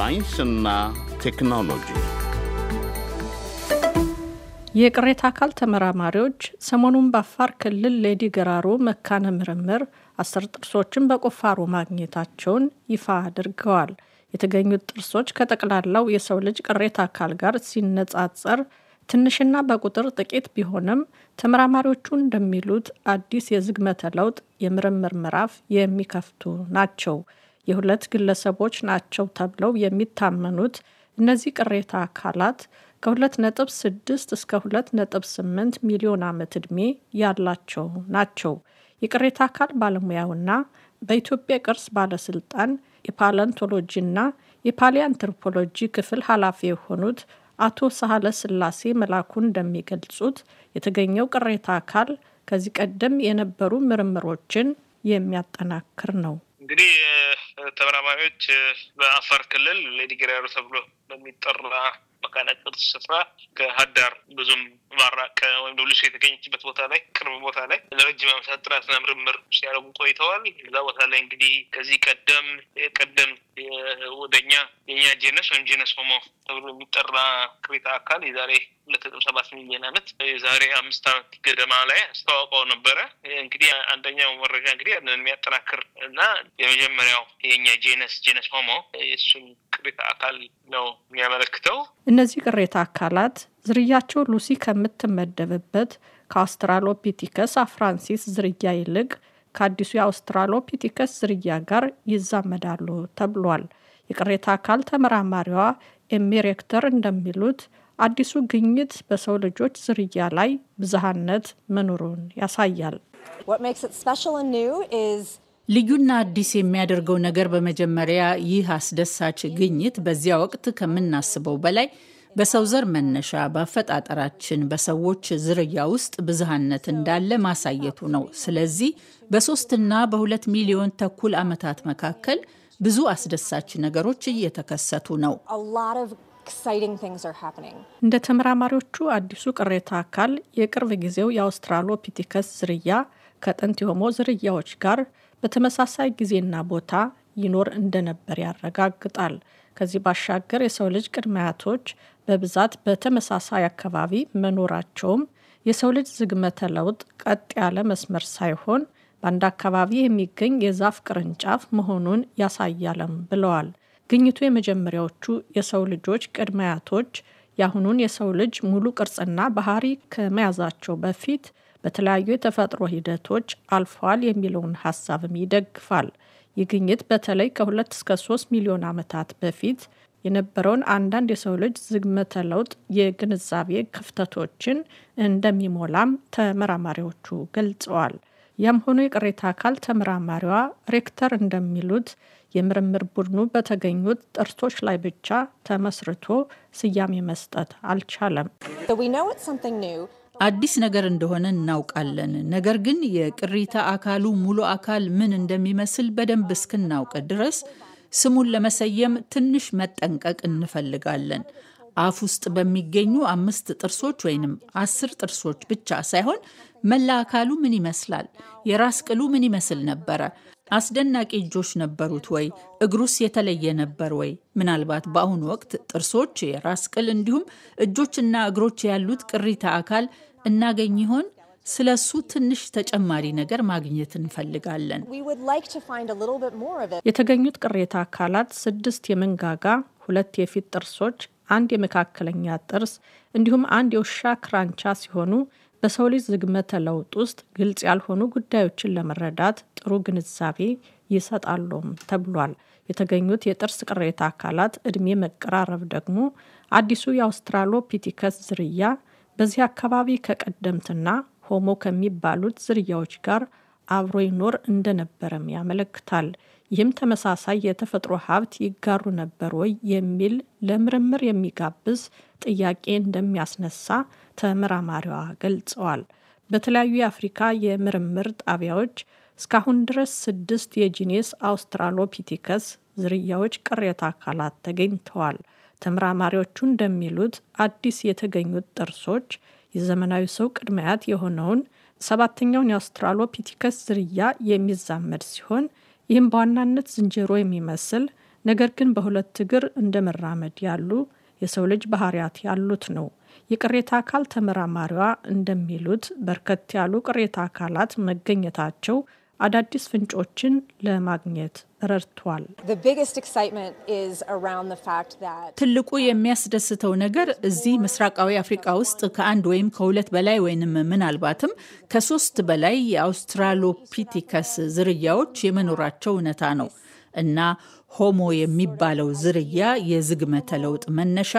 ሳይንስና ቴክኖሎጂ የቅሬታ አካል ተመራማሪዎች ሰሞኑን በአፋር ክልል ሌዲ ገራሮ መካነ ምርምር አስር ጥርሶችን በቁፋሮ ማግኘታቸውን ይፋ አድርገዋል። የተገኙት ጥርሶች ከጠቅላላው የሰው ልጅ ቅሬታ አካል ጋር ሲነጻጸር ትንሽና በቁጥር ጥቂት ቢሆንም ተመራማሪዎቹ እንደሚሉት አዲስ የዝግመተ ለውጥ የምርምር ምዕራፍ የሚከፍቱ ናቸው። የሁለት ግለሰቦች ናቸው ተብለው የሚታመኑት እነዚህ ቅሬታ አካላት ከ2.6 እስከ 2.8 ሚሊዮን ዓመት ዕድሜ ያላቸው ናቸው። የቅሬታ አካል ባለሙያውና በኢትዮጵያ ቅርስ ባለስልጣን የፓለንቶሎጂና የፓሊያንትሮፖሎጂ ክፍል ኃላፊ የሆኑት አቶ ሳህለ ስላሴ መላኩ እንደሚገልጹት የተገኘው ቅሬታ አካል ከዚህ ቀደም የነበሩ ምርምሮችን የሚያጠናክር ነው። እንግዲህ ተመራማሪዎች በአፋር ክልል ሌዲ ጌራሩ ተብሎ በሚጠራ መቃለ ቅርስ ስፍራ ከሀዳር ብዙም ማራቅ ወይም ልሱ የተገኘችበት ቦታ ላይ ቅርብ ቦታ ላይ ለረጅም ዓመታት ጥናትና ምርምር ሲያደርጉ ቆይተዋል። እዛ ቦታ ላይ እንግዲህ ከዚህ ቀደም ቀደም ወደኛ የኛ ጄነስ ወይም ጄነስ ሆሞ ተብሎ የሚጠራ ቅሪተ አካል የዛሬ ሁለት ነጥብ ሰባት ሚሊዮን ዓመት የዛሬ አምስት ዓመት ገደማ ላይ አስተዋውቀው ነበረ። እንግዲህ አንደኛው መረጃ እንግዲህ ያንን የሚያጠናክር እና የመጀመሪያው የኛ ጄነስ ጄነስ ሆሞ የእሱን ቅሪተ አካል ነው የሚያመለክተው። እነዚህ ቅሬታ አካላት ዝርያቸው ሉሲ ከምትመደብበት ከአውስትራሎፒቲከስ አፍራንሲስ ዝርያ ይልቅ ከአዲሱ የአውስትራሎፒቲከስ ዝርያ ጋር ይዛመዳሉ ተብሏል። የቅሬታ አካል ተመራማሪዋ ኤሚ ሬክተር እንደሚሉት አዲሱ ግኝት በሰው ልጆች ዝርያ ላይ ብዝሃነት መኖሩን ያሳያል። ልዩና አዲስ የሚያደርገው ነገር በመጀመሪያ ይህ አስደሳች ግኝት በዚያ ወቅት ከምናስበው በላይ በሰው ዘር መነሻ በአፈጣጠራችን በሰዎች ዝርያ ውስጥ ብዝሃነት እንዳለ ማሳየቱ ነው። ስለዚህ በሶስትና በሁለት ሚሊዮን ተኩል ዓመታት መካከል ብዙ አስደሳች ነገሮች እየተከሰቱ ነው። እንደ ተመራማሪዎቹ አዲሱ ቅሬታ አካል የቅርብ ጊዜው የአውስትራሎፒቲከስ ዝርያ ከጥንት የሆሞ ዝርያዎች ጋር በተመሳሳይ ጊዜና ቦታ ይኖር እንደነበር ያረጋግጣል። ከዚህ ባሻገር የሰው ልጅ ቅድመ አያቶች በብዛት በተመሳሳይ አካባቢ መኖራቸውም የሰው ልጅ ዝግመተ ለውጥ ቀጥ ያለ መስመር ሳይሆን በአንድ አካባቢ የሚገኝ የዛፍ ቅርንጫፍ መሆኑን ያሳያለም ብለዋል። ግኝቱ የመጀመሪያዎቹ የሰው ልጆች ቅድመ አያቶች የአሁኑን የሰው ልጅ ሙሉ ቅርጽና ባህሪ ከመያዛቸው በፊት በተለያዩ የተፈጥሮ ሂደቶች አልፏል የሚለውን ሀሳብም ይደግፋል። ይህ ግኝት በተለይ ከሁለት እስከ ሶስት ሚሊዮን ዓመታት በፊት የነበረውን አንዳንድ የሰው ልጅ ዝግመተ ለውጥ የግንዛቤ ክፍተቶችን እንደሚሞላም ተመራማሪዎቹ ገልጸዋል። ያም ሆኖ የቅሬታ አካል ተመራማሪዋ ሬክተር እንደሚሉት የምርምር ቡድኑ በተገኙት ጥርሶች ላይ ብቻ ተመስርቶ ስያሜ መስጠት አልቻለም። አዲስ ነገር እንደሆነ እናውቃለን። ነገር ግን የቅሪተ አካሉ ሙሉ አካል ምን እንደሚመስል በደንብ እስክናውቅ ድረስ ስሙን ለመሰየም ትንሽ መጠንቀቅ እንፈልጋለን። አፍ ውስጥ በሚገኙ አምስት ጥርሶች ወይንም አስር ጥርሶች ብቻ ሳይሆን መላ አካሉ ምን ይመስላል? የራስ ቅሉ ምን ይመስል ነበረ? አስደናቂ እጆች ነበሩት ወይ? እግሩስ የተለየ ነበር ወይ? ምናልባት በአሁኑ ወቅት ጥርሶች፣ የራስ ቅል እንዲሁም እጆችና እግሮች ያሉት ቅሪተ አካል እናገኝ ይሆን? ስለ እሱ ትንሽ ተጨማሪ ነገር ማግኘት እንፈልጋለን። የተገኙት ቅሬታ አካላት ስድስት የመንጋጋ፣ ሁለት የፊት ጥርሶች፣ አንድ የመካከለኛ ጥርስ እንዲሁም አንድ የውሻ ክራንቻ ሲሆኑ በሰው ልጅ ዝግመተ ለውጥ ውስጥ ግልጽ ያልሆኑ ጉዳዮችን ለመረዳት ጥሩ ግንዛቤ ይሰጣሉም ተብሏል። የተገኙት የጥርስ ቅሬታ አካላት እድሜ መቀራረብ ደግሞ አዲሱ የአውስትራሎፒቲከስ ዝርያ በዚህ አካባቢ ከቀደምትና ሆሞ ከሚባሉት ዝርያዎች ጋር አብሮ ይኖር እንደነበረም ያመለክታል። ይህም ተመሳሳይ የተፈጥሮ ሀብት ይጋሩ ነበር ወይ የሚል ለምርምር የሚጋብዝ ጥያቄ እንደሚያስነሳ ተመራማሪዋ ገልጸዋል። በተለያዩ የአፍሪካ የምርምር ጣቢያዎች እስካሁን ድረስ ስድስት የጂኔስ አውስትራሎፒቲከስ ዝርያዎች ቅሬታ አካላት ተገኝተዋል። ተመራማሪዎቹ እንደሚሉት አዲስ የተገኙት ጥርሶች የዘመናዊ ሰው ቅድመያት የሆነውን ሰባተኛውን የአውስትራሎፒቲከስ ዝርያ የሚዛመድ ሲሆን ይህም በዋናነት ዝንጀሮ የሚመስል ነገር ግን በሁለት እግር እንደ መራመድ ያሉ የሰው ልጅ ባህሪያት ያሉት ነው። የቅሬታ አካል ተመራማሪዋ እንደሚሉት በርከት ያሉ ቅሬታ አካላት መገኘታቸው አዳዲስ ፍንጮችን ለማግኘት ረድቷል። ትልቁ የሚያስደስተው ነገር እዚህ ምስራቃዊ አፍሪቃ ውስጥ ከአንድ ወይም ከሁለት በላይ ወይንም ምናልባትም ከሶስት በላይ የአውስትራሎፒቲከስ ዝርያዎች የመኖራቸው እውነታ ነው እና ሆሞ የሚባለው ዝርያ የዝግመተ ለውጥ መነሻ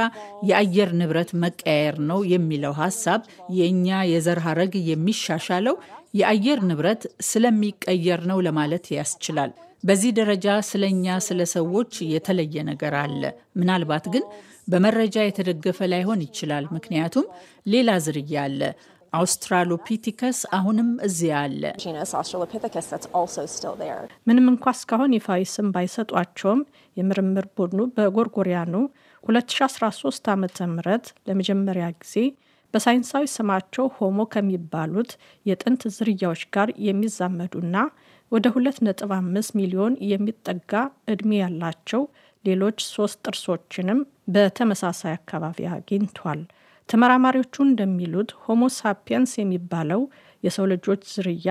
የአየር ንብረት መቀያየር ነው የሚለው ሀሳብ የእኛ የዘር ሀረግ የሚሻሻለው የአየር ንብረት ስለሚቀየር ነው ለማለት ያስችላል። በዚህ ደረጃ ስለኛ ስለ ሰዎች የተለየ ነገር አለ። ምናልባት ግን በመረጃ የተደገፈ ላይሆን ይችላል። ምክንያቱም ሌላ ዝርያ አለ። አውስትራሎፒቲከስ አሁንም እዚያ አለ። ምንም እንኳ እስካሁን ይፋዊ ስም ባይሰጧቸውም የምርምር ቡድኑ በጎርጎሪያኑ 2013 ዓ ም ለመጀመሪያ ጊዜ በሳይንሳዊ ስማቸው ሆሞ ከሚባሉት የጥንት ዝርያዎች ጋር የሚዛመዱና ወደ 2.5 ሚሊዮን የሚጠጋ ዕድሜ ያላቸው ሌሎች ሶስት ጥርሶችንም በተመሳሳይ አካባቢ አግኝቷል። ተመራማሪዎቹ እንደሚሉት ሆሞ ሳፒየንስ የሚባለው የሰው ልጆች ዝርያ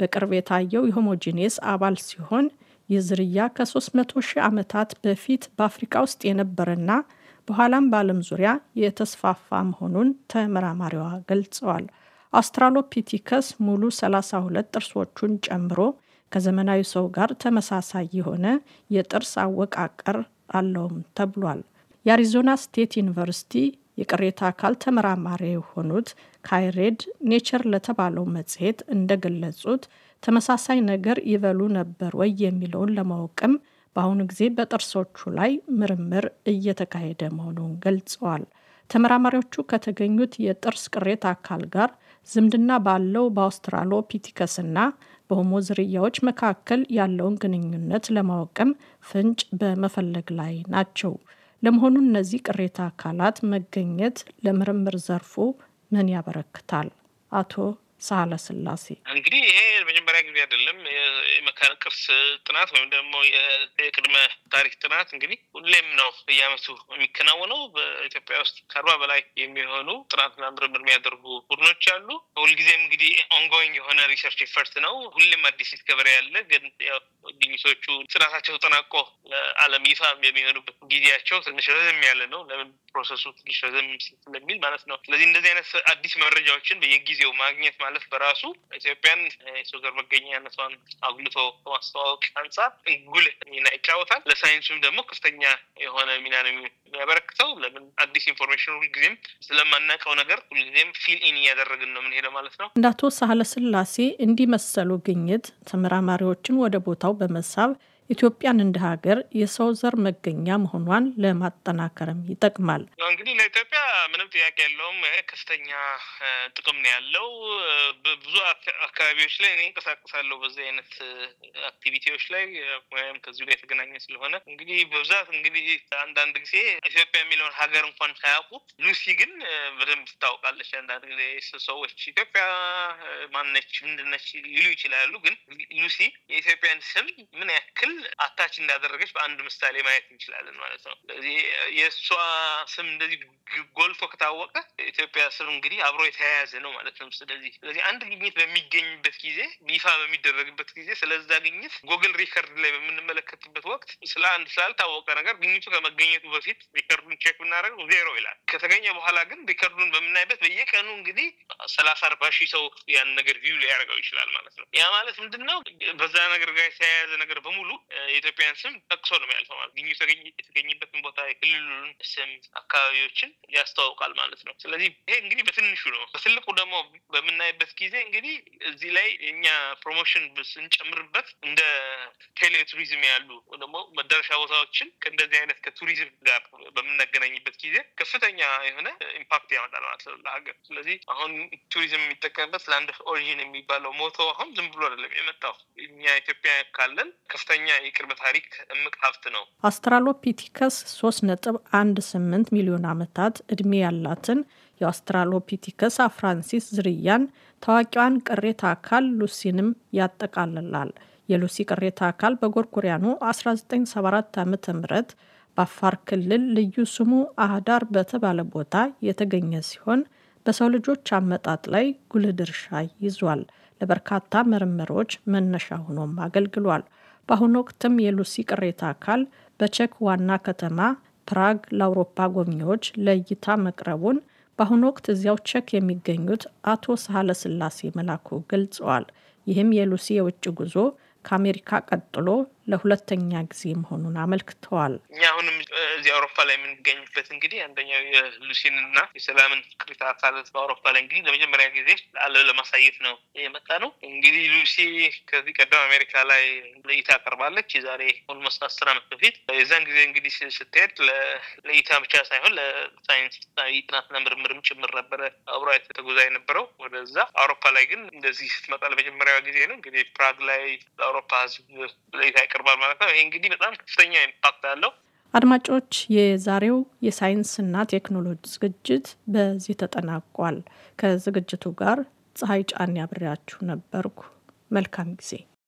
በቅርብ የታየው የሆሞጂኔስ አባል ሲሆን ይህ ዝርያ ከ300 ሺህ ዓመታት በፊት በአፍሪካ ውስጥ የነበረና በኋላም በዓለም ዙሪያ የተስፋፋ መሆኑን ተመራማሪዋ ገልጸዋል። አውስትራሎፒቲከስ ሙሉ 32 ጥርሶቹን ጨምሮ ከዘመናዊ ሰው ጋር ተመሳሳይ የሆነ የጥርስ አወቃቀር አለውም ተብሏል። የአሪዞና ስቴት ዩኒቨርሲቲ የቅሬታ አካል ተመራማሪ የሆኑት ካይሬድ ኔቸር ለተባለው መጽሔት እንደገለጹት ተመሳሳይ ነገር ይበሉ ነበር ወይ የሚለውን ለማወቅም በአሁኑ ጊዜ በጥርሶቹ ላይ ምርምር እየተካሄደ መሆኑን ገልጸዋል። ተመራማሪዎቹ ከተገኙት የጥርስ ቅሬታ አካል ጋር ዝምድና ባለው በአውስትራሎፒቲከስና በሆሞ ዝርያዎች መካከል ያለውን ግንኙነት ለማወቅም ፍንጭ በመፈለግ ላይ ናቸው። ለመሆኑ እነዚህ ቅሬታ አካላት መገኘት ለምርምር ዘርፉ ምን ያበረክታል? አቶ ሳህለ ስላሴ እንግዲህ ይሄ የመጀመሪያ ጊዜ አይደለም። የመካነ ቅርስ ጥናት ወይም ደግሞ የቅድመ ታሪክ ጥናት እንግዲህ ሁሌም ነው በየዓመቱ የሚከናወነው። በኢትዮጵያ ውስጥ ከአርባ በላይ የሚሆኑ ጥናትና ምርምር የሚያደርጉ ቡድኖች አሉ። ሁልጊዜም እንግዲህ ኦንጎይንግ የሆነ ሪሰርች ኤፈርት ነው። ሁሌም አዲስ ዲስከቨሪ ያለ ግን ግኝቶቹ ጥናታቸው ተጠናቆ ለዓለም ይፋ የሚሆኑበት ጊዜያቸው ትንሽ ረዘም ያለ ነው። ለምን ፕሮሰሱ ትንሽ ረዘም ስለሚል ማለት ነው። ስለዚህ እንደዚህ አይነት አዲስ መረጃዎችን በየጊዜው ማግኘት ማለት በራሱ ኢትዮጵያን ከሳይንሱ ጋር መገኛነቷን አጉልቶ ከማስተዋወቅ አንጻር ጉልህ ሚና ይጫወታል። ለሳይንሱም ደግሞ ከፍተኛ የሆነ ሚና ነው የሚያበረክተው። ለምን አዲስ ኢንፎርሜሽን ሁልጊዜም ስለማናውቀው ነገር ሁልጊዜም ፊል ኢን እያደረግን ነው የምንሄደው ማለት ነው። እንደ አቶ ሳህለ ስላሴ እንዲመሰሉ ግኝት ተመራማሪዎችን ወደ ቦታው በመሳብ ኢትዮጵያን እንደ ሀገር የሰው ዘር መገኛ መሆኗን ለማጠናከርም ይጠቅማል። እንግዲህ ለኢትዮጵያ ምንም ጥያቄ የለውም፣ ከፍተኛ ጥቅም ነው ያለው። አካባቢዎች ላይ እኔ እንቀሳቀሳለሁ በዚህ አይነት አክቲቪቲዎች ላይ ወይም ከዚሁ ጋር የተገናኘ ስለሆነ እንግዲህ በብዛት እንግዲህ አንዳንድ ጊዜ ኢትዮጵያ የሚለውን ሀገር እንኳን ሳያውቁ ሉሲ ግን በደንብ ትታወቃለች። አንዳንድ ጊዜ ሰዎች ኢትዮጵያ ማነች ምንድነች ይሉ ይችላሉ። ግን ሉሲ የኢትዮጵያን ስም ምን ያክል አታች እንዳደረገች በአንድ ምሳሌ ማየት እንችላለን ማለት ነው። ስለዚህ የእሷ ስም እንደዚህ ጎልቶ ከታወቀ ኢትዮጵያ ስም እንግዲህ አብሮ የተያያዘ ነው ማለት ነው። ስለዚህ ስለዚህ አንድ ግኝት በሚገኝበት ጊዜ ይፋ በሚደረግበት ጊዜ ስለዛ ግኝት ጎግል ሪከርድ ላይ በምንመለከትበት ወቅት ስለ አንድ ስላልታወቀ ነገር ግኝቱ ከመገኘቱ በፊት ሪከርዱን ቼክ ብናደርገው ዜሮ ይላል። ከተገኘ በኋላ ግን ሪከርዱን በምናይበት በየቀኑ እንግዲህ ሰላሳ አርባ ሺህ ሰው ያን ነገር ቪው ሊያደርገው ይችላል ማለት ነው። ያ ማለት ምንድን ነው? በዛ ነገር ጋር የተያያዘ ነገር በሙሉ የኢትዮጵያን ስም ጠቅሶ ነው ያልፈው ማለት ግኙ የተገኝበትን ቦታ የክልሉን ስም አካባቢዎችን ያስተዋውቃል ማለት ነው። ስለዚህ ይሄ እንግዲህ በትንሹ ነው። በትልቁ ደግሞ በምናይበት ጊዜ እንግዲህ እዚህ ላይ እኛ ፕሮሞሽን ስንጨምርበት እንደ ቴሌ ቱሪዝም ያሉ ደግሞ መዳረሻ ቦታዎችን ከእንደዚህ አይነት ከቱሪዝም ጋር በምናገናኝበት ጊዜ ከፍተኛ የሆነ ኢምፓክት ያመጣል ማለት ነው ለሀገር። ስለዚህ አሁን ቱሪዝም የሚጠቀምበት ለአንድ ኦሪጂን የሚባለው ሞቶ አሁን ዝም ብሎ አይደለም የመጣው። እኛ ኢትዮጵያ ካለን ከፍተኛ የቅርብ ታሪክ እምቅ ሀብት ነው። አስትራሎፒቲከስ ሶስት ነጥብ አንድ ስምንት ሚሊዮን ዓመታት እድሜ ያላትን የአውስትራሎፒቲከስ አፍራንሲስ ዝርያን ታዋቂዋን ቅሬታ አካል ሉሲንም ያጠቃልላል። የሉሲ ቅሬታ አካል በጎርጎሪያኑ 1974 ዓ ም በአፋር ክልል ልዩ ስሙ አህዳር በተባለ ቦታ የተገኘ ሲሆን በሰው ልጆች አመጣጥ ላይ ጉልህ ድርሻ ይዟል። ለበርካታ ምርምሮች መነሻ ሆኖም አገልግሏል። በአሁኑ ወቅትም የሉሲ ቅሬታ አካል በቼክ ዋና ከተማ ፕራግ ለአውሮፓ ጎብኚዎች ለእይታ መቅረቡን በአሁኑ ወቅት እዚያው ቼክ የሚገኙት አቶ ሳህለ ስላሴ መላኩ ገልጸዋል። ይህም የሉሲ የውጭ ጉዞ ከአሜሪካ ቀጥሎ ለሁለተኛ ጊዜ መሆኑን አመልክተዋል። እኛ አሁንም እዚህ አውሮፓ ላይ የምንገኝበት እንግዲህ አንደኛው የሉሲንና የሰላምን ቅሪተ አካላት በአውሮፓ ላይ እንግዲህ ለመጀመሪያ ጊዜ ለዓለም ለማሳየት ነው የመጣ ነው። እንግዲህ ሉሲ ከዚህ ቀደም አሜሪካ ላይ ለእይታ ቀርባለች። የዛሬ ኦልሞስት አስር ዓመት በፊት የዛን ጊዜ እንግዲህ ስትሄድ ለእይታ ብቻ ሳይሆን ለሳይንስ ጥናትና ምርምርም ጭምር ነበረ አብሮ ተጉዛ የነበረው ወደዛ። አውሮፓ ላይ ግን እንደዚህ ስትመጣ ለመጀመሪያ ጊዜ ነው። እንግዲህ ፕራግ ላይ ለአውሮፓ ህዝብ ለእይታ ያቀርባል ማለት ነው። ይሄ እንግዲህ በጣም ከፍተኛ ኢምፓክት አለው። አድማጮች፣ የዛሬው የሳይንስና ቴክኖሎጂ ዝግጅት በዚህ ተጠናቋል። ከዝግጅቱ ጋር ፀሐይ ጫን ያብሬያችሁ ነበርኩ። መልካም ጊዜ